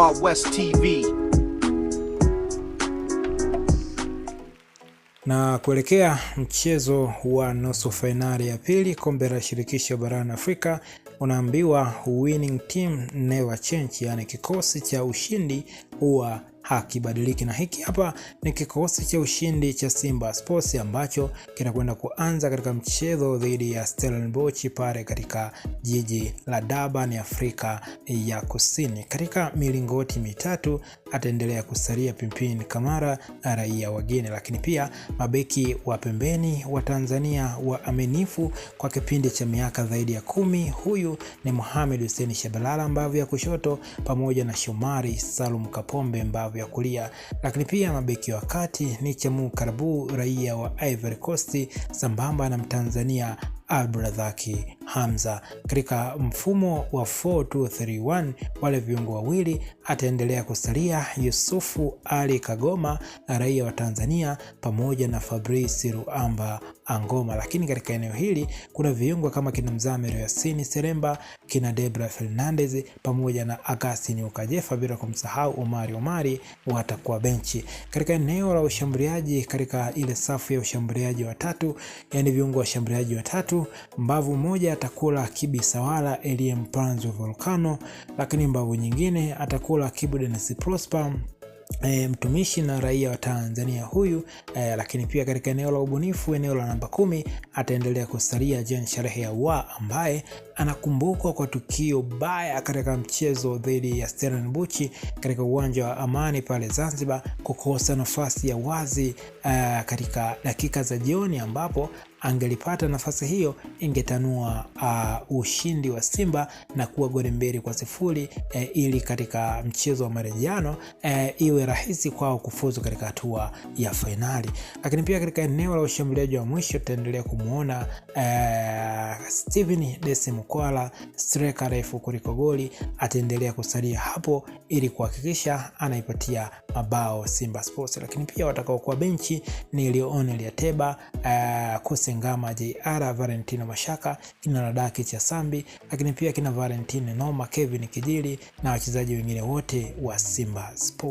Wild West TV. Na kuelekea mchezo wa nusu fainali ya pili kombe la shirikisho barani Afrika, unaambiwa winning team never change, yani kikosi cha ushindi huwa hakibadiliki, na hiki hapa ni kikosi cha ushindi cha Simba Sports ambacho kinakwenda kuanza katika mchezo dhidi ya Stellenbosch pale katika jiji la Durban, Afrika ya Kusini. Katika milingoti mitatu ataendelea kusalia Pimpin Kamara na raia wageni, lakini pia mabeki wa pembeni wa Tanzania waaminifu kwa kipindi cha miaka zaidi ya kumi, huyu ni Mohamed Hussein Shabalala mbavu ya kushoto pamoja na Shomari Salum Kapombe mbavu vya kulia, lakini pia mabeki wa kati ni Chemu Karabu raia wa Ivory Coast sambamba na Mtanzania Abradhaki Hamza. Katika mfumo wa 4231 wale viungo wawili ataendelea kusalia Yusufu Ali Kagoma raia wa Tanzania pamoja na Fabrice Ruamba Angoma, lakini katika eneo hili kuna viungo kama kina Mzamiru Yasini Seremba, kina Debra Fernandez pamoja na Agasini Ukajefa, bila kumsahau Omari Omari watakuwa benchi. Katika eneo la ushambuliaji, katika ile safu ya ushambuliaji watatu, yani viungo wa ushambuliaji watatu, mbavu moja atakula kibi Sawala Elie wa Volcano, lakini mbavu nyingine atakula kibu Dennis Prosper E, mtumishi na raia wa Tanzania huyu e, lakini pia katika eneo la ubunifu, eneo la namba kumi ataendelea kusalia Jean Sharehe wa ambaye anakumbukwa kwa tukio baya katika mchezo dhidi ya buchi katika uwanja wa Amani pale Zanzibar, kukosa nafasi ya wazi e, katika dakika za jioni ambapo angelipata nafasi hiyo ingetanua uh, ushindi wa Simba na kuwa goli mbili kwa sifuri eh, ili katika mchezo wa marejano eh, iwe rahisi kwao kufuzu katika hatua ya fainali. Lakini pia katika eneo la ushambuliaji wa mwisho tutaendelea kumwona eh, Steven Desi Mukwala, streka refu kuliko goli, ataendelea kusalia hapo ili kuhakikisha anaipatia mabao Simba Sports. Lakini pia watakaokuwa benchi ni Leon Liateba eh, Sengama, JR, Valentino Mashaka, kina Ladaki cha Sambi, lakini pia kina Valentino Noma, Kevin Kijili na wachezaji wengine wote wa Simba Sports.